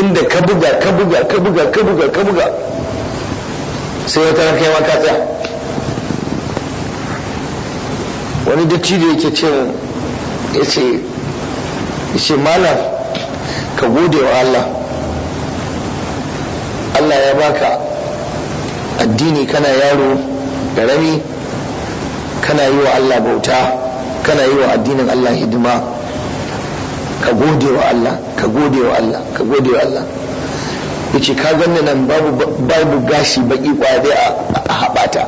inda ka buga ka buga ka buga ka buga ka buga sai wata ranka yawa ka tsaya wani da yake ce ya ce ce malam ka gode wa Allah Allah ya baka addini kana yaro ƙarami kana yi wa Allah bauta kana yi wa addinin Allah hidima ka gode wa Allah ka gode wa Allah ka gode wa Allah yace ka ganna nan babu babu gashi baki kwade a habata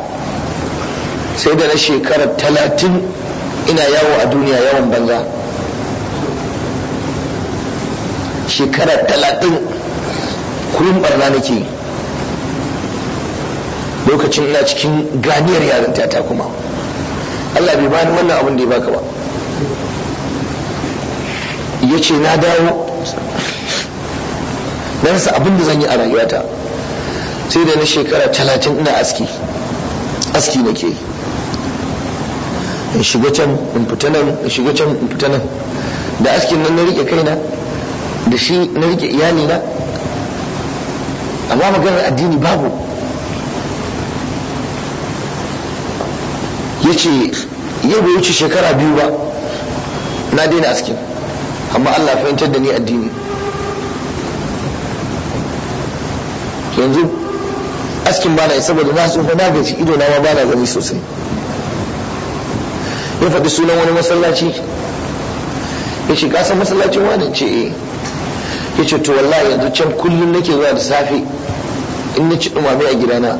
sai da na shekara talatin ina yawo a duniya yawan banza shekara talatin kullum barna nake lokacin ina cikin ganiyar yarinta ta kuma Allah bai bani wannan abin da ya baka ba ya ce na dawo na rasa abin da zan yi a rayuwata sai da na shekara talatin ina aski aski nake ke in shiga can in fita nan in shiga can in fita nan da askin nan na rike kaina da shi na rike iyali na amma maganar addini babu yace yau bai wuce shekara biyu ba na daina askin amma Allah fahimtar da ni addini yanzu askin bana yi saboda na tsufa na gaji ido na ma bana gani sosai ya faɗi sunan wani masallaci ya ce kasan masallacin wani ce eh ya ce to wallahi yanzu can kullum nake zuwa da safe in na ci dumame a gidana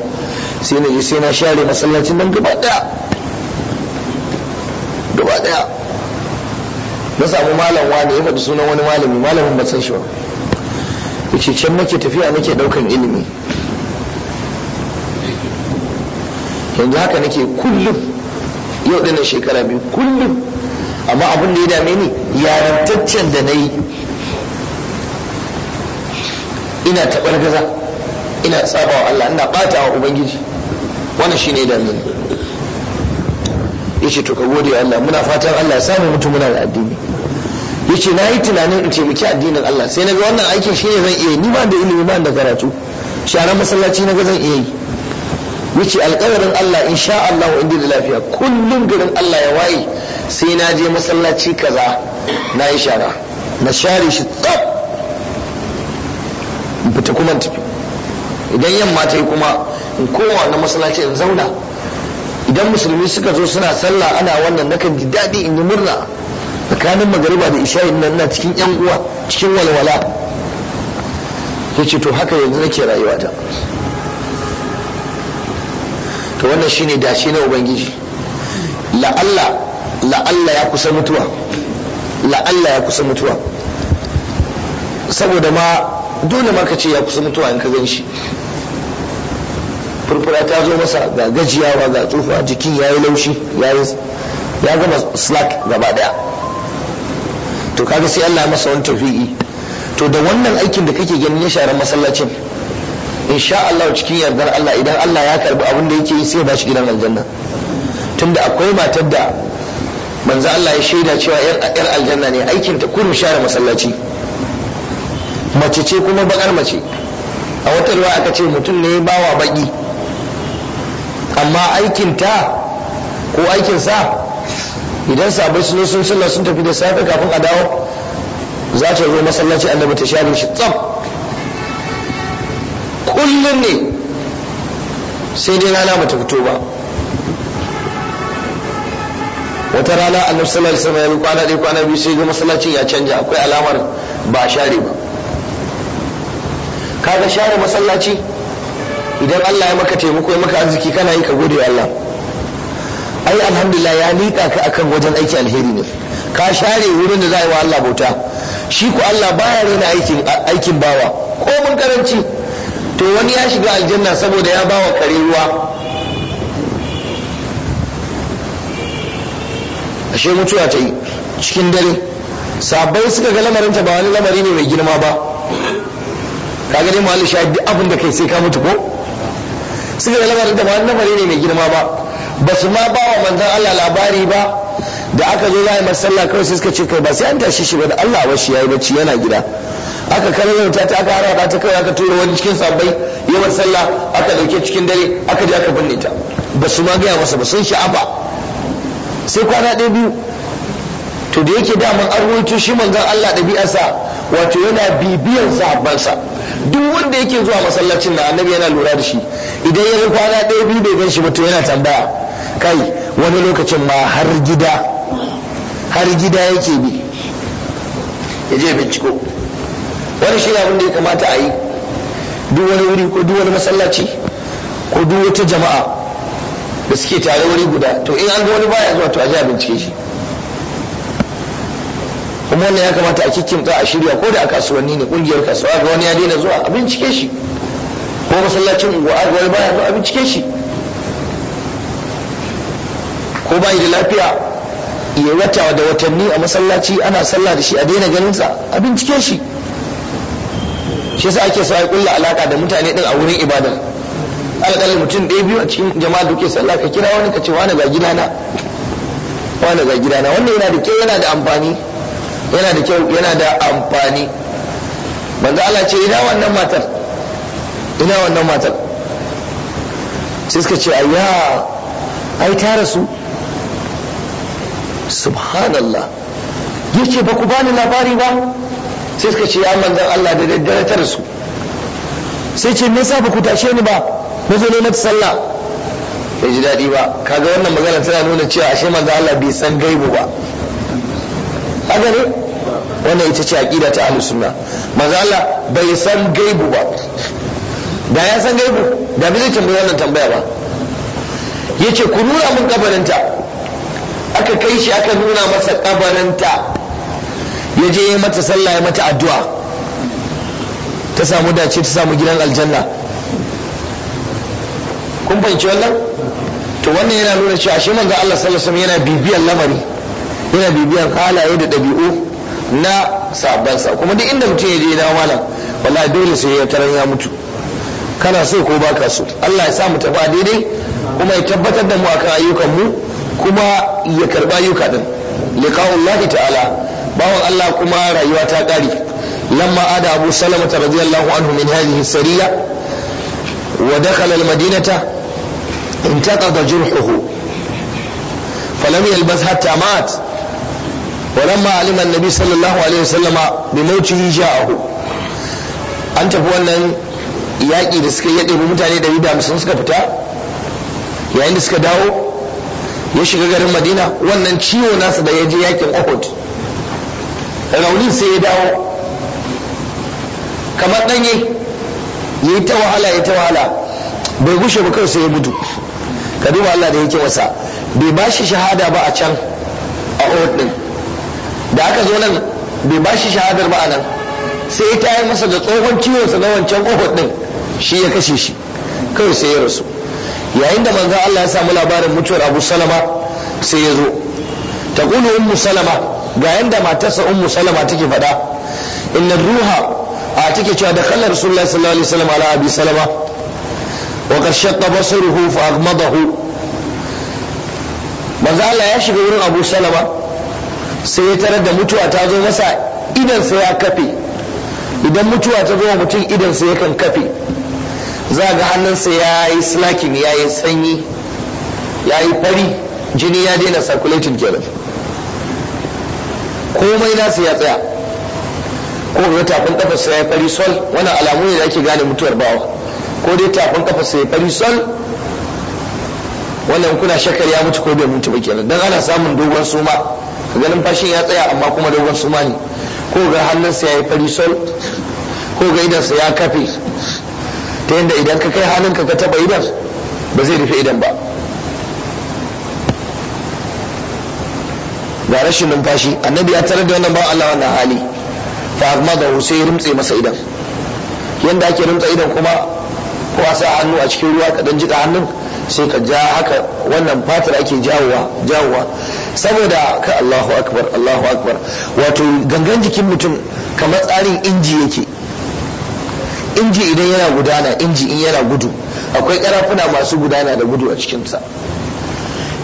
sai na je sai na share masallacin nan gaba daya gaba daya na samu malam wani ya faɗi sunan wani malami malamin ba san shi ba yace can nake tafiya nake ɗaukan ilimi yanzu haka nake kullum yau dana shekara biyu kullum amma abin da ya dame ni yarantaccen da na yi ina taɓar gaza ina tsaba wa Allah ina ɓata wa Ubangiji wannan shi ne dame ni ya to ka gode Allah muna fatan Allah ya samu mutum muna da addini yace na yi tunanin in taimaki addinin Allah sai na ga wannan aikin shine zan iya ni ba da ilimi ba da karatu sharan masallaci na ga zan iya yi yace alƙawarin Allah insha Allah in da lafiya kullum garin Allah ya waye sai na je masallaci kaza na yi shara na share shi tsaf in fita kuma tafi idan yamma ta yi kuma in kowa na masallaci in zauna idan musulmi suka zo suna sallah ana wannan nakan ji daɗi in yi murna tsakanin magariba da isha'in nan na cikin yan uwa cikin walwala ya ce to haka yanzu nake rayuwata to wannan shine dace na ubangiji la'alla la'alla ya kusa mutuwa la'alla ya kusa mutuwa saboda ma dole ma ka ce ya kusa mutuwa in ka gan shi furfura ta zo masa ga gajiyawa ga tsufa jikin ya yi laushi ya gama slack gaba daya to kaga sai Allah masa wani tawfiqi to da wannan aikin da kake gani ya share masallacin insha Allah cikin yardar Allah idan Allah ya karbi abin da yake yi sai ya bashi gidan aljanna tunda akwai matar da manzo Allah ya shaida cewa yar aljanna ne aikin ta kurum share masallaci mace ce kuma bakar mace a wata ruwa aka ce mutum ne bawa baki amma aikin ta ko aikin sa idan sabai sun sun sallah sun tafi da safe kafin a dawo za ta zo masallaci da ta share shi tsam. kullum ne sai dai rana bata fito ba wata rana da sallar sama ya kwana ɗaya kwana biyu sai ga masallacin ya canja akwai alamar ba a share ba kaga share masallaci idan Allah ya maka taimako ya maka arziki kana yi ka gode Allah ai alhamdulillah ya miƙa ka akan wajen aiki alheri ne ka share wurin da za a yi wa Allah bauta shi ku Allah baya rena aikin aikin bawa ko mun karanci to wani ya shiga aljanna saboda ya bawa kare ruwa ashe mutuwa ta yi cikin dare sabai suka ga lamarinta ba wani lamari ne mai girma ba ka gani mu Allah shi abin da kai sai ka mutu ko suka ga lamarinta ba wani lamari ne mai girma ba ba su ma ba wa manzan Allah labari ba da aka zo za a yi masallah kawai sai suka ce kai ba sai an tashi shi ba da Allah ba ya yi bacci yana gida aka yau ta aka harada ta kawai aka tura wani cikin sabbai ya masallah aka dauke cikin dare aka je aka binne ta ba su ma gaya masa ba sun sha'aba sai kwana ɗaya biyu to da yake daman an ruwaito shi manzan Allah ɗabi'arsa wato yana bibiyar sahabbansa duk wanda yake zuwa masallacin na annabi yana lura da shi idan ya kwana ɗaya biyu bai gan shi ba to yana tambaya kai wani lokacin ma har gida har gida yake bi ya je binciko wani shi abin da ya kamata a yi duk wani wuri ko duk wani masallaci ko duk wata jama'a da suke tare wuri guda to in an ga wani baya zuwa to a je a bincike shi kuma wannan ya kamata a kikkimta a shirya ko da a kasuwanni ne kungiyar kasuwa ga wani ya daina zuwa a bincike shi ko masallacin unguwa ga wani baya zuwa a bincike shi ko bai da lafiya ya wata da watanni a masallaci ana sallah da shi a daina ganin sa a bincike shi shi yasa ake so ai kulla alaka da mutane din a wurin ibadar alƙalin mutum ɗaya biyu a cikin jama'a duke sallah ka kira wani ka ce wani ga gidana wani ga gidana wannan yana da kyau yana da amfani yana da kyau yana da amfani manzo Allah ce ina wannan matar ina wannan matar sai suka ce ayya ai ta rasu subhanallah ce ba ku bani labari ba sai suka ce ya manzan Allah da daddare ta su. sai ce me yasa ba ku tashe ni ba na zo na sallah bai ji daɗi ba kaga wannan magana tana nuna cewa ashe manzan Allah bai san gaibu ba haka ne wannan ita ce aqida ta ahlus sunna manzan Allah bai san gaibu ba da ya san gaibu da bai zai tambayi wannan tambaya ba yace ku nuna mun kabarinta aka kai shi aka nuna masa kabarinta ya je ya mata sallah ya mata addu'a ta samu dace ta samu gidan aljanna kun fahimci wannan to wannan yana nuna cewa shi manzo Allah sallallahu alaihi yana bibiyar lamari yana bibiyar halaye da dabi'u na sabansa kuma duk inda mutum ya je da malam wallahi dole sai ya tarar ya mutu kana so ko baka so Allah ya sa mu tafi daidai kuma ya tabbatar da mu akan ayyukan mu kuma ya karba ɗin, din liqa'ullahi ta'ala bawan Allah kuma rayuwa ta kare lamma da abu salama radiyallahu anhu min hadhihi sariya wa dakhala almadinata intaqada jurhuhu falam yalbas hatta mat ولما علم alaihi صلى الله عليه وسلم بموته جاءه an tafi wannan yaƙi da suka yi ɗabi mutane da hamsin suka fita yayin da suka dawo ya shiga garin madina wannan ciwo nasu da ya je yakin uhud raunin sai ya dawo kamar ɗanye ya yi ta wahala ya ta wahala bai gushe ba kawai sai ya gudu ka duba Allah da yake wasa bai ba shi shahada ba a can a uhud din da aka zo nan bai ba shi shahadar ba a nan sai ya tayar masa da tsohon ciwon sa na wancan uhud din shi ya kashe shi kawai sai ya rasu yayin da manzon Allah ya samu labarin mutuwar Abu Salama sai ya zo taqulu ummu Salama ga yanda matarsa ummu Salama take faɗa inna ruha a take cewa da kallar rasulullahi sallallahu alaihi wasallam ala abi salama wa qad shaqqa fa aghmadahu manzo Allah ya shiga wurin Abu Salama sai ya tarar da mutuwa ta zo masa idan sai ya kafe idan mutuwa ta zo mutum idan sai yakan kafe za ga hannunsa ya yi slakin ya yi sanyi ya yi fari jini ya daina circulating kenan komai nasu ya tsaya ko ga tafin kafarsa ya yi fari sol wani alamu ne da ake gane mutuwar bawa ko dai tafin kafarsa ya fari sol wannan kuna shakar ya mutu ko bai mutu ba kenan dan ana samun dogon suma ga fashin ya tsaya amma kuma dogon suma ne ko ga hannunsa ya yi fari sol ko ga idansa ya kafe ta yadda idan ka kai hannunka ka taba idan ba zai rufe idan ba ga rashin numfashi annabi ya tarar da wannan ba Allah wannan hali fa amma da sai ya rumtse masa idan yanda ake rumtsa idan kuma ko a sa hannu a cikin ruwa kadan dan jika hannun sai ka ja haka wannan fatar ake jawowa jawowa saboda ka Allahu akbar Allahu akbar wato gangan jikin mutum kamar tsarin inji yake inji idan yana gudana inji in yana gudu akwai karafuna masu gudana da gudu a cikinsa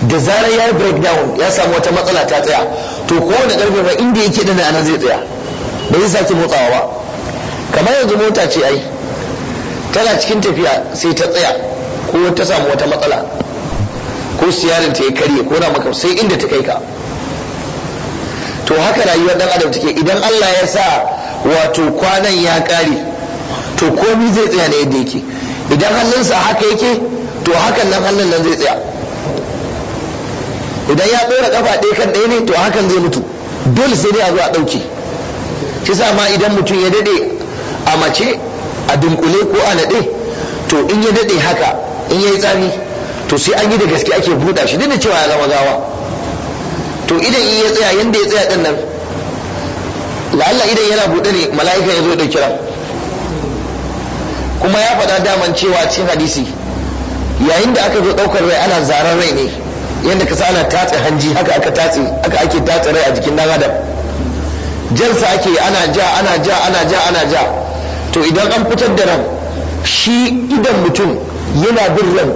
da zarar ya down ya samu wata matsala ta tsaya to kowane karfe ba inda yake dana anan zai tsaya ba zai sake motsawa ba kamar yanzu mota ce ai tana cikin tafiya sai ta tsaya ko ta samu wata matsala ko siyarin ta ya karye ko na maka sai inda ta kai ka to haka rayuwar dan adam take idan Allah ya sa wato kwanan ya kare to komi zai tsaya ne yadda yake idan hannunsa haka yake to hakan nan hannun nan zai tsaya idan ya ɗora kafa ɗaya kan ɗaya ne to hakan zai mutu dole sai dai a zo a ɗauke shi sa ma idan mutum ya daɗe a mace a dunkule ko a naɗe to in ya daɗe haka in ya yi tsami to sai an yi da gaske ake buɗa shi duk da cewa ya zama gawa to idan in ya tsaya yanda ya tsaya ɗin nan la'alla idan yana buɗe ne mala'ika ya zo da kira kuma ya faɗa daman cewa cikin hadisi yayin da aka zo ɗaukar rai ana zaren rai ne yadda kasa ana tatse hanji haka aka tatse haka ake tatse rai a jikin dan adam jansa ake ana ja ana ja ana ja ana ja to idan an fitar da ran shi idan mutum yana bin ran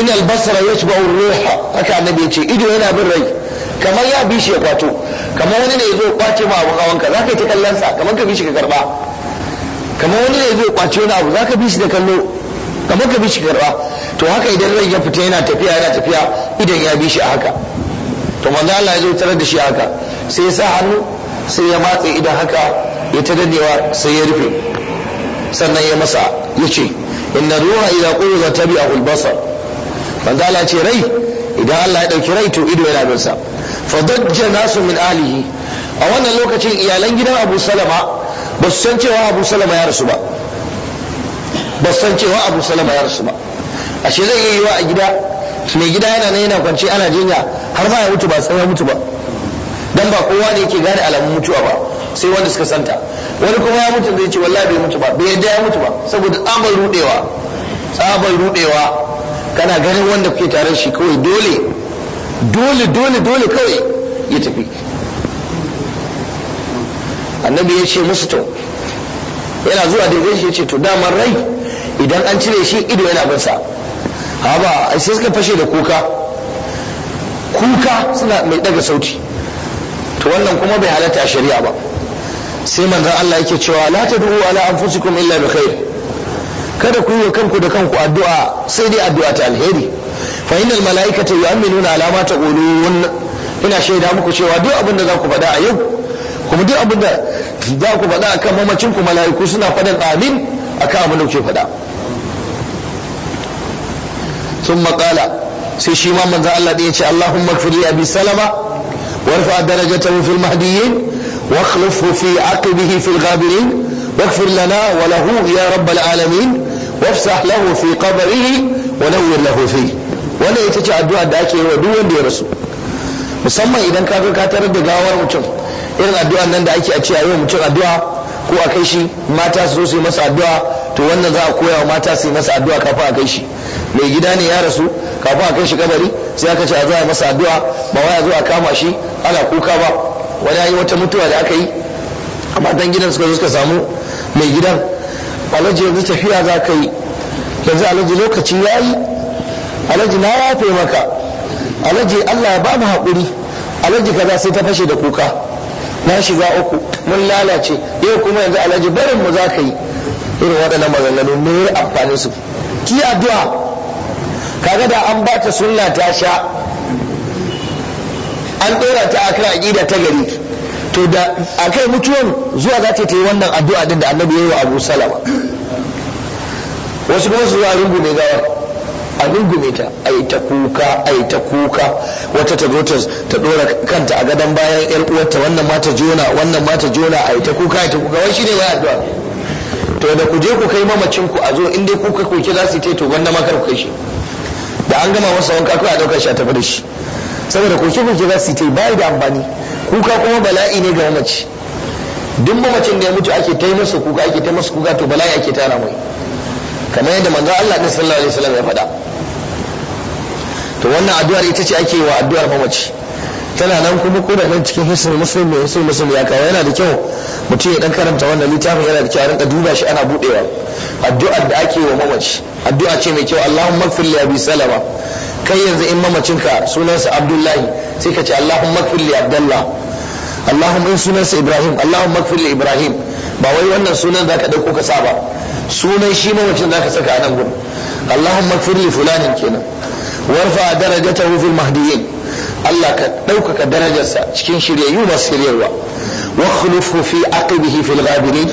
in albasara ya shiga ruha haka annabi ya ce ido yana bin rai kamar ya bi shi ya kwato kamar wani ne ya zo kwace ma abun hawanka za ka yi ta kallon sa kamar ka bi shi ka karba kamar wani ne zai kwaci wani abu zaka bi shi da kallo kamar ka bi shi karba to haka idan rai ya fita yana tafiya yana tafiya idan ya bi shi a haka to manzo Allah ya zo tarar da shi a haka sai ya sa hannu sai ya matse idan haka ya ta dadewa sai ya rufe sannan ya masa ya ce inna ruha idza qulza tabi'ahu al-basar manzo Allah ya ce rai idan Allah ya dauki rai to ido yana bin sa Fa dajja nasu min alihi a wannan lokacin iyalan gidan Abu Salama ba su san cewa abu salama ya rasu ba ba san cewa abu salama ya rasu ba ashe zai iya yiwa a gida mai gida yana nan yana kwance ana jinya har ba ya mutu ba sai ya mutu ba dan ba kowa ne yake gane alamun mutuwa ba sai wanda suka santa wani kuma ya mutu zai ce wallahi bai mutu ba bai yadda ya mutu ba saboda tsabar rudewa tsabar rudewa kana ganin wanda kuke tare shi kawai dole dole dole dole kawai ya tafi annabi ya ce musu to yana zuwa da shi ya ce to damar rai idan an cire shi ido yana bin sa haba sai suka fashe da kuka kuka suna mai daga sauti to wannan kuma bai halatta a shari'a ba sai manzon Allah yake cewa la tad'u ala anfusikum illa bi khair kada ku yi kanku da kanku addu'a sai dai addu'a ta alheri fa innal malaikata yu'minuna ala ma taqulun ina shaida muku cewa duk abin da za ku faɗa a yau kuma duk abin da za ku faɗa akan mamacin ku mala'iku suna faɗan amin akan abin da kuke faɗa sun maƙala sai shi ma manzan Allah ɗaya ce Allahumma fili abi salama warfa darajatahu fil mahdiyyin wa akhlifhu fi aqibihi fil ghabirin واغفر لنا وله يا رب العالمين وافسح له في قبره ونور له wannan ita ce addu'a da ake yi wa duk wanda ya rasu musamman idan ka ga ka tarar da gawar mutum irin addu'a nan da ake a ce a yau mutum addu'a ko a kai shi mata su zo su yi masa addu'a to wannan za a koya wa mata su yi masa addu'a kafin a kai shi mai gida ne ya rasu kafin a kai shi kabari sai aka ce a zuwa masa addu'a ba wai a zo a kama shi ana kuka ba wani yi wata mutuwa da aka yi a matan gidan suka zo suka samu mai gidan alhaji yanzu tafiya za ka yi yanzu alhaji lokaci ya yi alhaji na yafe maka alhaji allah ya ba mu haƙuri alhaji kaza sai ta fashe da kuka na shiga uku mun lalace yau kuma yanzu alhaji barin mu za ka yi irin waɗannan maganganu yi amfanin su ki addu'a kaga da an bata sunna ta sha an ɗora ta a kan aƙida ta gari to da akai mutuwan zuwa za ta yi wannan addu'a din da annabi ya wa abu salama wasu kuma su zuwa rungu mai gawar a rungume ta a yi ta kuka a yi ta kuka wata ta zo ta dora kanta a gadon bayan yar uwarta wannan ma ta jona wannan ma ta jona a yi ta kuka a yi ta kuka wai shine ya addu'a to da ku je ku kai mamacin ku a zo in dai kuka koke za su yi to wannan ma kar ku kai shi da an gama masa wanka kawai a ɗaukar shi a tafi da shi saboda koke koke za su yi bai da amfani kuka kuma bala'i ne ga mamaci duk mamacin da ya mutu ake ta yi masa kuka ake ta masa kuka to bala'i ake tara mai kamar yadda manzo Allah din sallallahu alaihi wasallam ya faɗa to wannan addu'ar ita ce ake wa addu'ar mamaci tana nan kuma ko da nan cikin hisin musulmi ne musulmi ya kawo yana da kyau mutum ya dan karanta wannan littafin yana da kyau a rinka duba shi ana budewa addu'ar da ake wa mamaci addu'a ce mai kyau Allahumma ighfir li abi salama kai yanzu in mamacinka sunansa Abdullahi sai ka ce Allahumma ighfir li Abdullah Allahumma in sunansa Ibrahim Allahumma ighfir li Ibrahim ba wai wannan sunan za ka ɗauko ka sa ba sunan shi mamacin za ka saka a nan gudu allahumma firli fulanin kenan warfa darajatahu fil mahdiyyin Allah ka ɗaukaka darajarsa cikin shiryayyu masu shiryarwa wa khulufu fi aqibihi fil ghabirin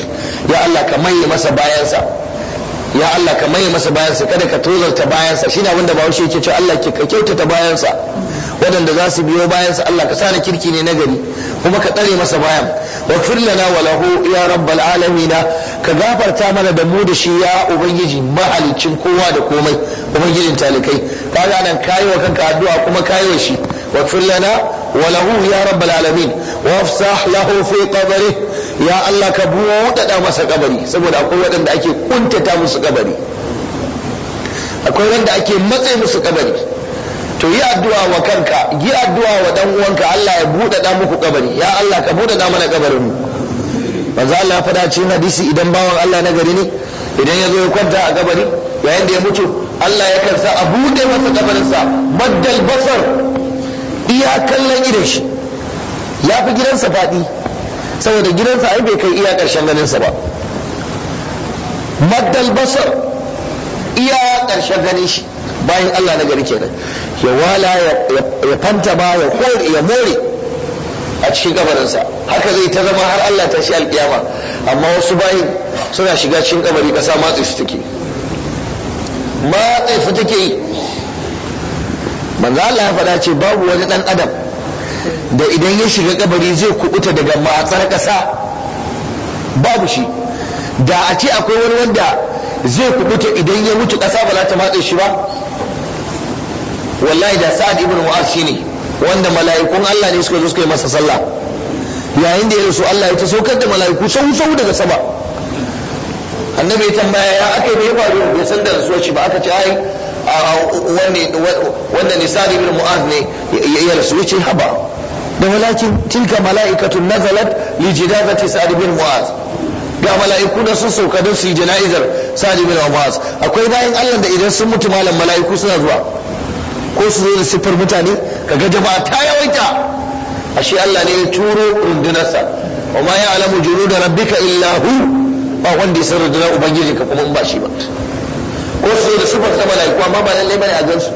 ya Allah ka maye masa bayansa ya Allah ka maye masa bayansa kada ka tozarta bayansa shine abin da bahaushe yake cewa Allah ke ka kyautata bayansa waɗanda za su biyo bayansa Allah ka sani kirki ne nagari kuma ka tsare masa bayan wa firlana wa lahu ya rabbal alamin ka gafarta mana da mu da shi ya ubangiji mahalicin kowa da komai ubangijin talikai kaga nan kayi wa kanka addu'a kuma kayi wa shi wa firlana وله يا رب العالمين وافسح له في قبره يا الله كبوت دا مسا قبري saboda akwai waɗanda ake kuntata musu kabari akwai wanda ake matse musu kabari to yi addu'a wa kanka yi addu'a wa dan uwanka Allah ya bude da muku kabari ya Allah ka bude da mana kabarin manzo Allah ya cikin hadisi idan bawan Allah na gari ne idan yazo ya kwanta a kabari yayin da ya mutu Allah ya kansa a buɗe masa kabarinsa maddal basar iya kallon idan shi ya fi gidansa faɗi saboda gidansa ai bai kai iya ƙarshen ganinsa ba maddal basar iya ƙarshen ganin shi bayan Allah na gari kenan ya wala ya fanta ba ya koyar ya more a cikin kabarinsa haka zai ta zama har Allah ta shi alƙiyama amma wasu bayin suna shiga cikin kabari ƙasa matsi su take matsi su take yi manzo Allah ya faɗa ce babu wani ɗan adam da idan ya shiga kabari zai kubuta daga matsar ƙasa babu shi da a ce akwai wani wanda zai kubuta idan ya wuce ƙasa ba za ta matse shi ba wallahi da sa'ad ibn mu'az shine wanda mala'ikun Allah ne suka zo suka yi masa sallah yayin da ya rasu Allah ya ta saukar da mala'iku sau sau daga sama annabi ya tambaya ya aka yi bai ba ya san da rasuwa shi ba aka ce ai wanda nisa ibn mu'az ne ya rasu yace haba da walakin tilka mala'ikatu nazalat li jinazati sa'd ibn mu'az ga mala'iku da sun sauka don su yi jana'izar sa'd ibn mu'az akwai bayan Allah da idan sun mutu malam mala'iku suna zuwa ko su zo da siffar mutane kaga jama'a ta yawaita ashe Allah ne ya turo rundunarsa wa ma ya'lamu junuda rabbika illa hu ba wanda ya san rundunar ubangijinka kuma in ba shi ba sifar ta mala'iku amma ba lallai bane a gansu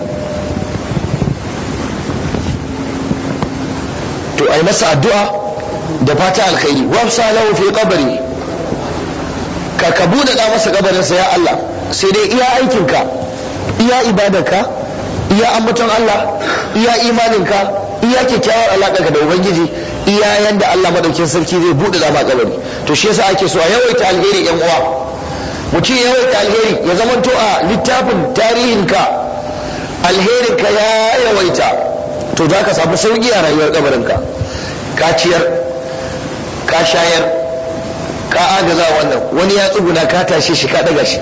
to ai masa addu'a da fata alkhairi wafsa lahu fi qabri ka ka bude da masa kabarinsa ya Allah sai dai iya aikinka iya ibadarka iya ambaton Allah iya imaninka iya kyakkyawar alaƙarka da ubangiji iya yanda Allah madaukin sarki zai buɗe da ma kabari to shi yasa ake so a yawaita alheri yan uwa mutum ya yawaita alheri ya zamanto a littafin tarihinka alherinka ya yawaita to za ka samu sauƙi a rayuwar kabarinka ka ciyar ka shayar ka agaza wannan wani ya tsuguna ka tashe shi ka daga shi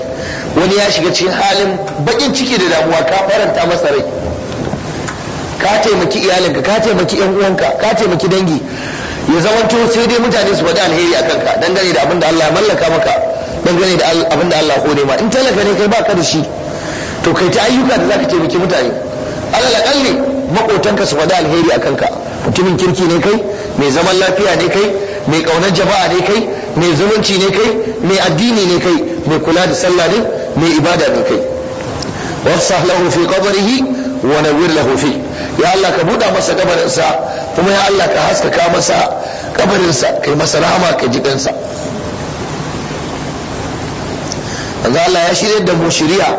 wani ya shiga cikin halin baƙin ciki da damuwa ka faranta masa rai ka taimaki iyalinka ka taimaki yan uwanka ka taimaki dangi ya zamanto sai dai mutane su faɗi alheri a kanka dangane da abin da Allah ya mallaka maka dangane da abin da Allah kore ma in talaka ne kai baka da shi to kai ta ayyuka da zaka taimaki mutane Allah kalli makotanka su faɗi alheri a kanka mutumin kirki ne kai mai zaman lafiya ne kai mai ƙaunar jama'a ne kai mai zumunci ne kai mai addini ne kai mai kula da sallah ne mai ibada ne kai wafsah lahu fi qabrihi wa nawwir lahu fi ya Allah ka buɗa masa kabarinsa kuma ya Allah ka haskaka masa kabarinsa kai masa rahama ka jikansa manzo Allah ya shirya da mu shiriya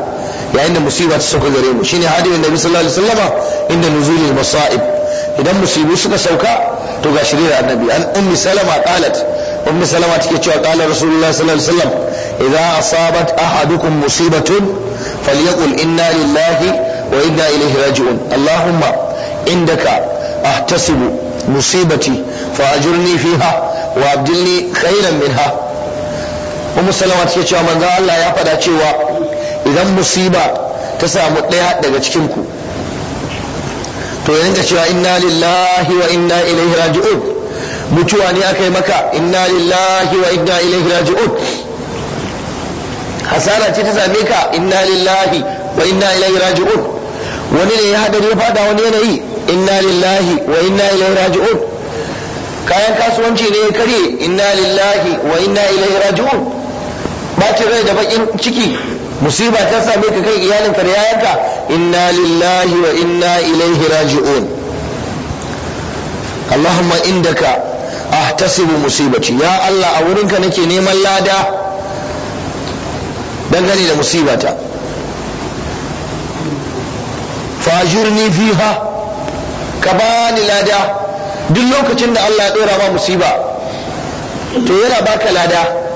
yayin da musiba ta sauka gare mu shine hadin nabi sallallahu alaihi wasallama inda nuzulul masa'ib idan musibu suka sauka to ga shirya annabi an ummi salama qalat ummi salama take cewa qala rasulullahi sallallahu alaihi wasallam idza asabat ahadukum musibatun falyaqul inna lillahi wa inna ilaihi raji'un allahumma indaka ahtasibu musibati fa ajurni fiha wa abdilni khayran minha umar salama take cewa manzon Allah ya faɗa cewa idan musiba ta samu ɗaya daga cikin ku to ya rinka cewa inna lillahi wa inna ilaihi raji'un mutuwa ne aka yi maka inna lillahi wa inna ilaihi raji'un hasara ce ta same ka inna lillahi wa inna ilaihi raji'un wani ne ya hadari ya fada wani yanayi inna lillahi wa inna ilaihi raji'un kayan kasuwanci ne ya karye inna lillahi wa inna ilaihi raji'un bacin rai da bakin ciki musiba ta same ka kai iyalinka da yayanka inna lillahi wa inna ilaihi raji'un allahumma indaka ahtasibu musibati ya allah a wurinka nake neman lada dangane da musibata fajirni fiha ka bani lada duk lokacin da allah ya dora ma musiba to yana baka lada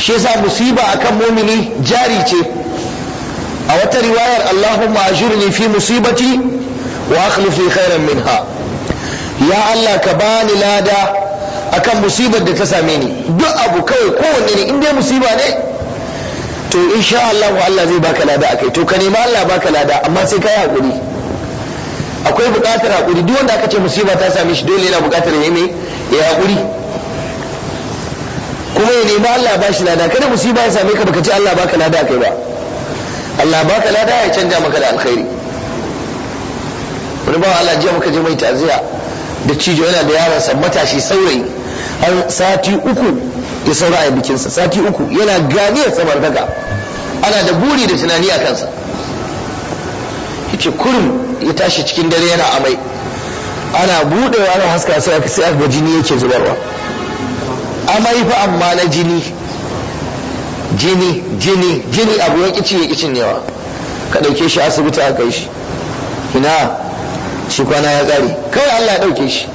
shi yasa musiba akan mumini jari ce a wata riwayar Allahumma ajurni fi musibati wa akhlif li khairan minha ya Allah ka bani lada akan musibar da ta same ni duk abu kawai kowanne ne in dai musiba ne to insha Allah Allah zai baka lada akai to ka nema Allah baka lada amma sai kai hakuri akwai bukatar hakuri duk wanda aka ce musiba ta same shi dole yana buƙatar ya yi hakuri kuma ya nemi Allah ba shi lada kada musiba ya same ka baka ce Allah baka lada kai ba Allah baka lada ya canja maka da alkhairi wani ba Allah jiya muka je mai taziya da cijo yana da yaron sa matashi saurayi har sati uku ya saura a bikinsa sati uku yana ya ganiyar daga ana da buri da tunani a kansa yake kurum ya tashi cikin dare yana amai ana buɗewa ana haska sai aka ga jini yake zubarwa amai fa amma na jini jini jini jini abu ya kici ya kicin yawa ka dauke shi asibiti aka yi shi ina shi kwana ya tsare kawai Allah ya dauke shi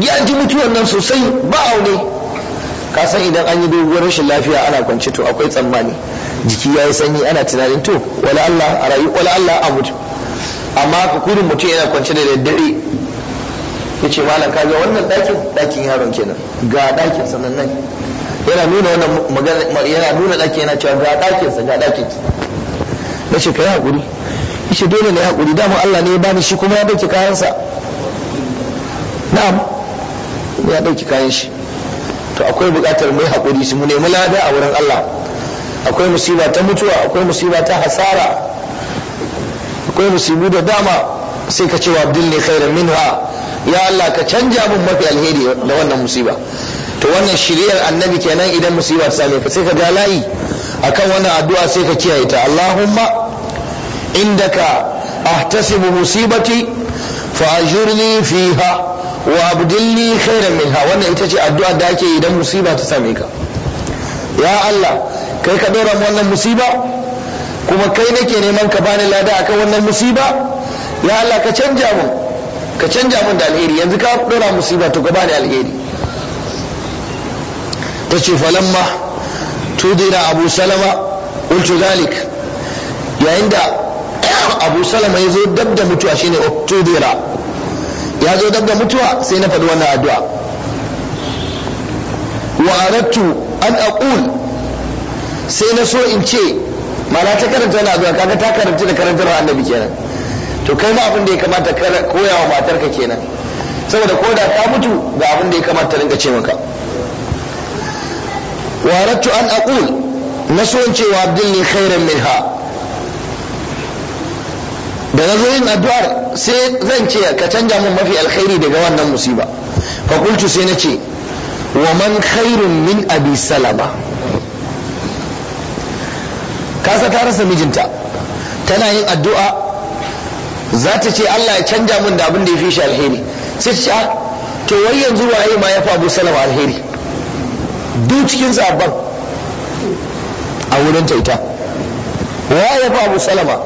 ya ji mutuwan nan sosai ba aure ka san idan an yi doguwar rashin lafiya ana kwance to akwai tsammani jiki ya yi sanyi ana tunanin to wala Allah a rayu wala Allah a mutu amma ka kudin mutum yana kwance da daddare ya ce malam kaga wannan ɗakin ɗakin yaron kenan ga ɗakin sannan nan yana nuna wannan magana yana nuna ɗakin yana cewa ga ɗakin sa ga ɗakin na ce kai hakuri yace dole ne hakuri dama Allah ne ya bani shi kuma ya dauki kayan sa na'am ya dauki kayan shi to akwai buƙatar mai hakuri su mu nemi lada a wurin Allah akwai musiba ta mutuwa akwai musiba ta hasara akwai musibu da dama sai ka ce wa abdul ne khairan minha ya Allah ka canja mun mafi alheri da wannan musiba to wannan shiriyar annabi kenan idan musiba ta same ka sai ka ga layi akan wannan addu'a sai ka kiyaye ta Allahumma indaka ahtasibu musibati fa ajurni fiha wa abdilni khairan minha wannan ita ce addu'a da ake idan musiba ta same ka ya Allah kai ka dora wannan musiba kuma kai nake neman ka bani lada akan wannan musiba ya Allah ka canja mu ka canja min da alheri yanzu ka dora musiba to ka bani alheri ta ce falamma tudira abu salama ultu zalik yayin da abu salama ya zo dab da mutuwa shine tudira ya zo dab da mutuwa sai na faɗi wannan addu'a wa aratu an aqul sai na so in ce mana ta karanta na zuwa kaga ta karanta da karantar annabi kenan to kai ma abin da ya kamata ka koya wa matarka kenan saboda ko da ta mutu ga abin da ya kamata ta rinka ce maka waratu an aqul na so cewa abdul ni khairan minha da na zo yin addu'ar sai zan ce ka canja min mafi alkhairi daga wannan musiba fa kuntu sai na ce wa man khairun min abi salama kasa ta rasa mijinta tana yin addu'a za ta ce Allah ya canja min da abin da ya fi shi alheri sai ta ce a ah, to wai yanzu waye ma ya fi Abu Salama alheri duk cikin sabban a wurin ta ita wa ya fi Abu Salama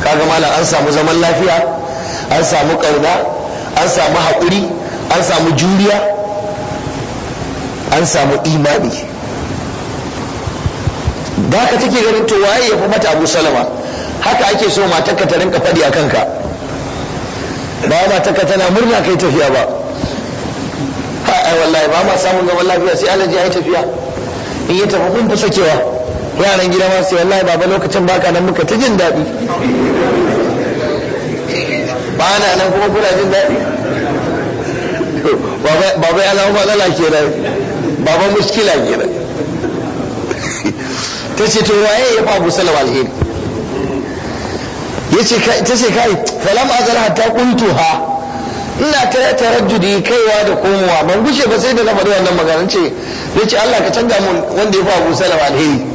kaga malam an samu zaman lafiya an samu kauna an samu haƙuri an samu juriya an samu imani da haka take ganin to waye ya fi mata Abu Salama haka ake so matarka ta rinka faɗi a kanka ba matarka tana murna kai tafiya ba ha ai wallahi ba ma samun zaman lafiya sai alaji ai tafiya in ya tafi kun fi sakewa yaran gida ma sai wallahi baba lokacin baka nan muka ta jin daɗi ba na nan kuma kuna jin daɗi baba ya zama matsala kenan baba muskila kenan ta ce to waye ya fa abu salama alheri yace ta ce kai falam azal hatta kuntuha ina ta tarajjudi kaiwa da komowa ban gushe ba sai da na faɗi wannan magana ce yace Allah ka canza mun wanda ya fa Abu Salam alheri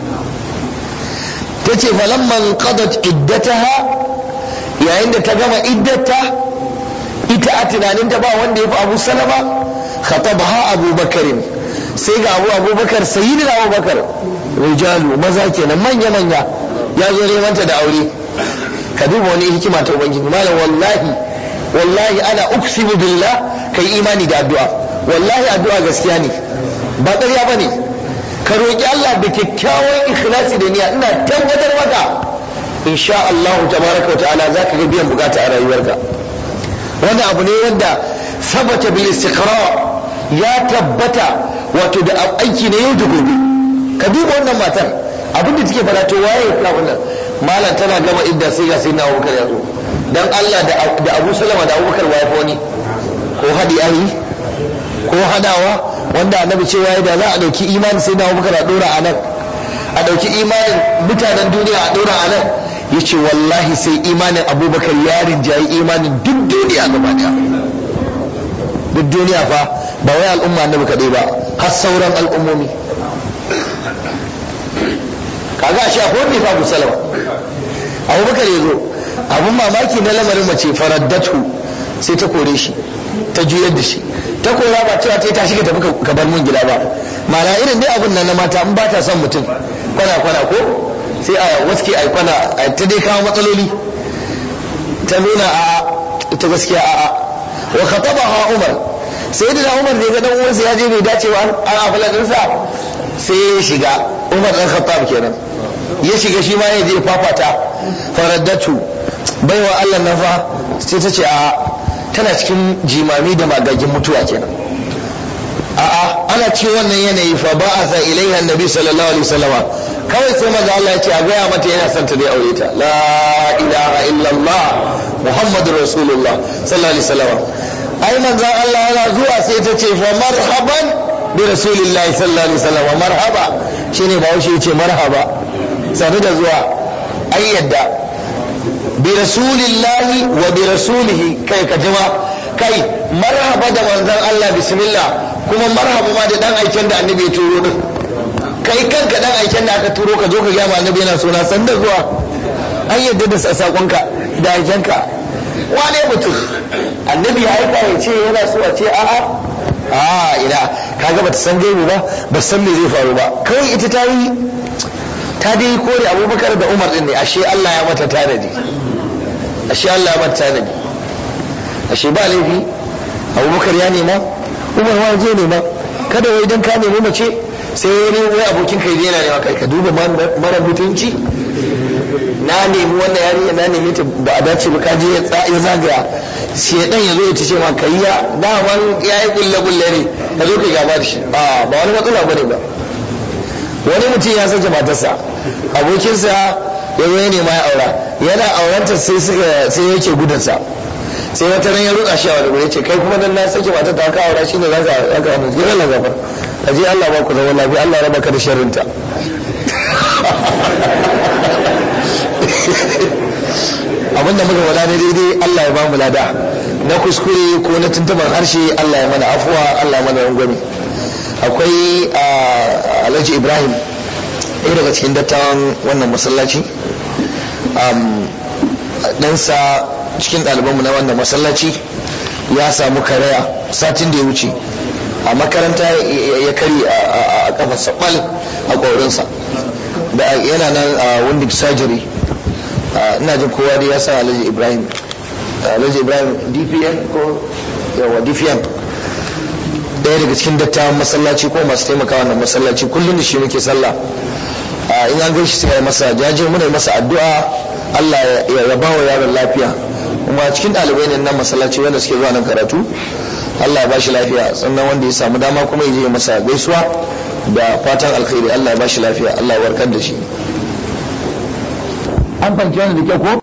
tace man qadat iddataha yayin da ta gama iddata ita a tunanin ta ba wanda ya fi Abu Salama khatabha Abu Bakarin sai ga Abu Abubakar sayyidina Abu Bakar rijalu maza kenan manya manya ya zo neman ta da aure ka duba wani hikima ta ubangiji malam wallahi wallahi ana uksimu billah kai imani da addu'a wallahi addu'a gaskiya ne ba ƙarya bane ka roki Allah da kyakkyawan ikhlasi da niyya ina tabbatar maka insha Allah tabaraka ta'ala zaka ga biyan bukata a rayuwarka wannan abu ne wanda sabata bil ya tabbata wato da aiki ne yau da gobe ka duba wannan matar abin da take fara to waye ya kula wannan malam tana gama idda sai ga sai na abubakar ya zo dan Allah da abu salama da abubakar wa fi wani ko haɗi ayi ko hadawa wanda annabi cewa ya da za a ɗauki imanin sai na abubakar a ɗora a nan a ɗauki imanin mutanen duniya a ɗora a nan ya ce wallahi sai imanin abubakar ya yi imanin duk duniya gaba ɗaya duk duniya fa ba wai al'umma annabi kaɗai ba har sauran al'ummomi kaga ashe akwai wanda ya fa musalama abu bakar ya zo abun mamaki na lamarin mace faraddatu sai ta kore shi ta juyar da shi ta kora ba cewa ta shiga ta tafi ka bar mun gida ba mala irin dai abun nan na mata in ba ta son mutum kwana kwana ko sai a waske a kwana ta dai kawo matsaloli ta nuna a ta gaskiya a wa khatabaha umar sai da umar da ga dan uwansa ya je bai dace ba an afalan sa sai ya shiga umar dan khattab kenan ya shiga shi ma ya je fafata faraddatu baiwa Allah na fa sai ta ce a tana cikin jimami da magagin mutuwa kenan a'a ana ce wannan yanayi fa ba a ba'atha ilaiha nabi sallallahu alaihi wasallama kawai sai maza Allah ya ce a gaya mata yana son ta dai aure ta la ilaha illallah muhammadur rasulullah sallallahu alaihi wasallama ai maza Allah yana zuwa sai ta ce fa marhaban bi rasulillahi sallallahu alaihi wasallama marhaba shine ba wuce ce marhaba sanu da zuwa an yadda bi rasulillahi wa bi rasulihi kai ka jima kai marhaba da manzon Allah bismillah kuma marhaba ma da dan aiken da annabi ya turo din kai kanka dan aiken da aka turo ka zo ka gama annabi yana sona san da zuwa an yadda da sakonka da aikenka wane mutum annabi ya aika ya ce yana so a ce a'a a ina kaga bata san gaibu ba ba san me zai faru ba kai ita ta yi ta dai kore abubakar da umar din ne ashe allah ya mata tanadi ashe allah ya mata tanadi ashe ba laifi abubakar ya nema umar ma je nema kada wai dan ka nemi mace sai ya wani wai abokin kai yana nema kai ka duba mara mutunci na nemi wannan yari na nemi ta ba a dace ba kaje ya zagaya shedan ya zo ya ce ma kayya da man yi kulle kulle ne ka zo kai gaba da shi ba ba wani matsala bane ba wani mutum ya sake matarsa abokinsa ya zo ne nema ya aura yana auranta sai suka sai yake gudunsa sai wata ran ya roƙa shi a wani gure ce kai kuma dan na sake matarsa ta ka aura shine zaka zaka mu kira Allah a ji Allah ba ku zama lafiya Allah raba ka da sharrinta abin da muka faɗa ne daidai Allah ya ba mu lada na kuskure ko na tuntuban harshe Allah ya mana afuwa Allah ya mana rangwame akwai alhaji ibrahim ɗaya daga cikin dattawan wannan masallaci ɗansa cikin ɗalibanmu na wannan masallaci ya samu karaya satin da ya wuce a makaranta ya kari a kafarsa bal a ƙorinsa da yana nan a windic surgery ina jin kowa da ya sa alhaji ibrahim alhaji ibrahim dpn ko yawa dpn daya daga cikin dattawan masallaci ko masu taimaka na masallaci kullum da shi muke sallah a in an gaishe sai ya masa jaje muna yi masa addu'a Allah ya ba wa yaron lafiya kuma cikin ɗalibai ne nan masallaci wanda suke zuwa nan karatu Allah ya ba shi lafiya sannan wanda ya samu dama kuma ya je masa gaisuwa da fatan alkhairi Allah ya ba shi lafiya Allah ya warkar da shi an fanci wani da kyau ko